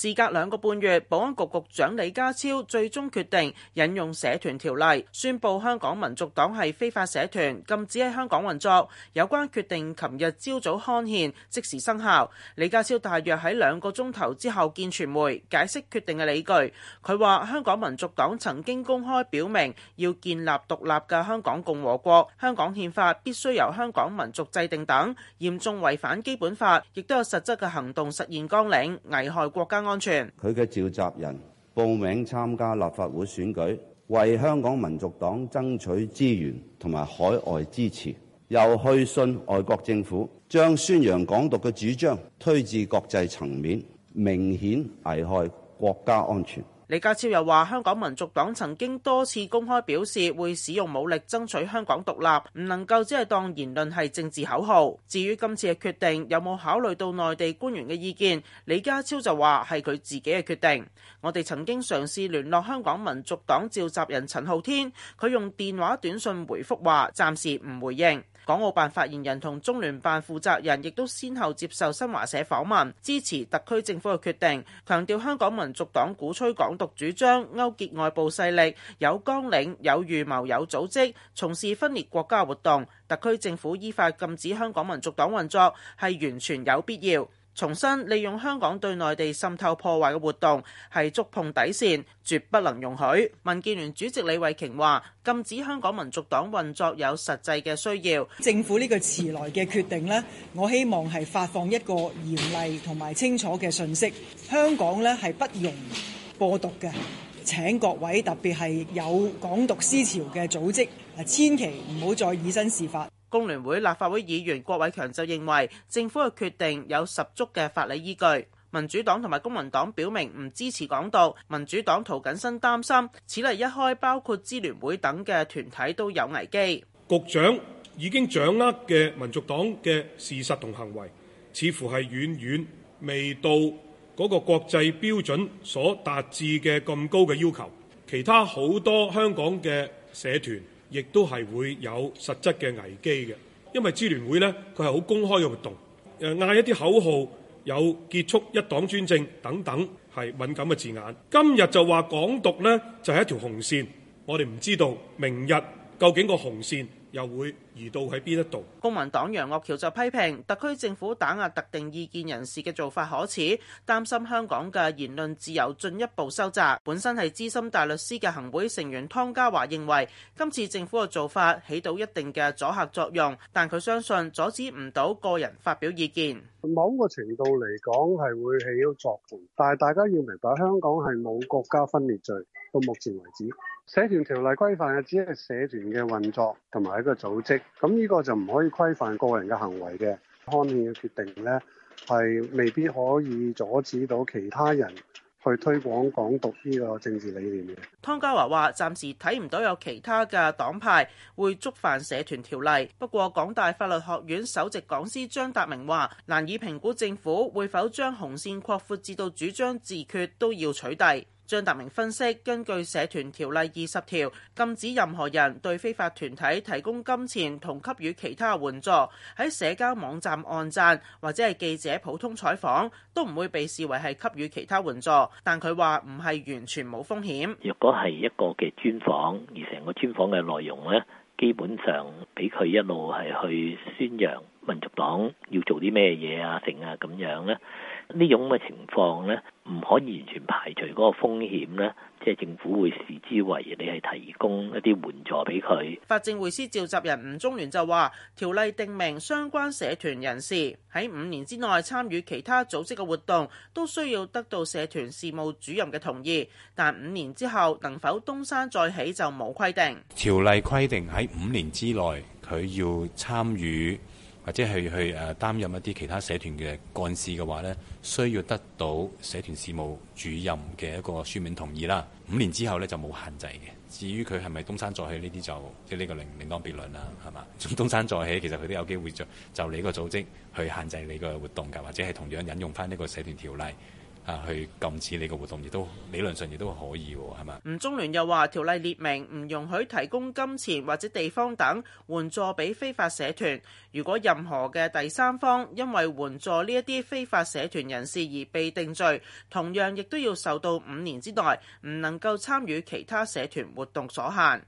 事隔兩個半月，保安局局長李家超最終決定引用社團條例，宣佈香港民族黨係非法社團，禁止喺香港運作。有關決定琴日朝早刊憲，即時生效。李家超大約喺兩個鐘頭之後見傳媒，解釋決定嘅理據。佢話：香港民族黨曾經公開表明要建立獨立嘅香港共和國，香港憲法必須由香港民族制定等，嚴重違反基本法，亦都有實質嘅行動實現綱領，危害國家安全，佢嘅召集人報名參加立法會選舉，為香港民族黨爭取資源同埋海外支持，又去信外國政府，將宣揚港獨嘅主張推至國際層面，明顯危害國家安全。李家超又話香港民族黨曾經多次公開表示會使用武力爭取香港獨立，唔能夠只係當言論係政治口號。至於今次嘅決定有冇考慮到內地官員嘅意見，李家超就話係佢自己嘅決定。我哋曾經嘗試聯絡香港民族黨召集人陳浩天，佢用電話短信回覆話暫時唔回應。港澳辦發言人同中聯辦負責人亦都先後接受新華社訪問，支持特區政府嘅決定，強調香港民族黨鼓吹港。獨主張勾結外部勢力，有綱領、有預謀、有組織，從事分裂國家活動。特區政府依法禁止香港民族黨運作，係完全有必要。重新利用香港對內地滲透破壞嘅活動，係觸碰底線，絕不能容許。民建聯主席李慧瓊話：禁止香港民族黨運作有實際嘅需要，政府呢個遲來嘅決定咧，我希望係發放一個嚴厲同埋清楚嘅信息，香港咧係不容。播毒嘅，請各位特別係有港獨思潮嘅組織，啊，千祈唔好再以身試法。工聯會立法會議員郭偉強就認為，政府嘅決定有十足嘅法理依據。民主黨同埋公民黨表明唔支持港獨，民主黨涂謹申擔心，此例一開，包括支聯會等嘅團體都有危機。局長已經掌握嘅民族黨嘅事實同行為，似乎係遠遠未到，嗰個國際標準所達至嘅咁高嘅要求，其他好多香港嘅社團亦都係會有實質嘅危機嘅，因為支聯會呢，佢係好公開嘅活動，誒嗌一啲口號，有結束一黨專政等等係敏感嘅字眼。今日就話港獨呢，就係一條紅線，我哋唔知道明日究竟個紅線又會移到喺邊一度？公民黨楊岳橋就批評特區政府打壓特定意見人士嘅做法可恥，擔心香港嘅言論自由進一步收窄。本身係資深大律師嘅行會成員湯家驊認為今次政府嘅做法起到一定嘅阻嚇作用，但佢相信阻止唔到個人發表意見。某個程度嚟講，係會起到作用，但係大家要明白香港係冇國家分裂罪。到目前為止，社團條例規範嘅只係社團嘅運作同埋一個組織。咁呢個就唔可以規範個人嘅行為嘅，康健嘅決定呢，係未必可以阻止到其他人去推廣港獨呢個政治理念嘅。湯家驊話：暫時睇唔到有其他嘅黨派會觸犯社團條例。不過，港大法律學院首席講師張達明話：難以評估政府會否將紅線擴闊至到主張自決都要取締。張達明分析，根據社團條例二十條，禁止任何人對非法團體提供金錢同給予其他援助，喺社交網站按讚或者係記者普通採訪都唔會被視為係給予其他援助，但佢話唔係完全冇風險。若果係一個嘅專訪，而成個專訪嘅內容基本上俾佢一路係去宣揚民族黨要做啲咩嘢啊，成啊咁樣呢，呢種嘅情況呢，唔可以完全排除嗰個風險咧，即係政府會視之為你係提供一啲援助俾佢。法政會司召集人吳忠聯就話：條例定明相關社團人士喺五年之內參與其他組織嘅活動，都需要得到社團事務主任嘅同意，但五年之後能否東山再起就冇規定。條例規定喺五年之內佢要參與。或者係去誒擔任一啲其他社團嘅幹事嘅話咧，需要得到社團事務主任嘅一個書面同意啦。五年之後咧就冇限制嘅。至於佢係咪東山再起呢啲就即係呢個另另當別論啦，係嘛？從東山再起其實佢都有機會就就你個組織去限制你個活動㗎，或者係同樣引用返呢個社團條例。啊！去禁止你個活動，亦都理論上亦都可以喎，係嘛？吳中聯又話：條例列明唔容許提供金錢或者地方等援助俾非法社團。如果任何嘅第三方因為援助呢一啲非法社團人士而被定罪，同樣亦都要受到五年之內唔能夠參與其他社團活動所限。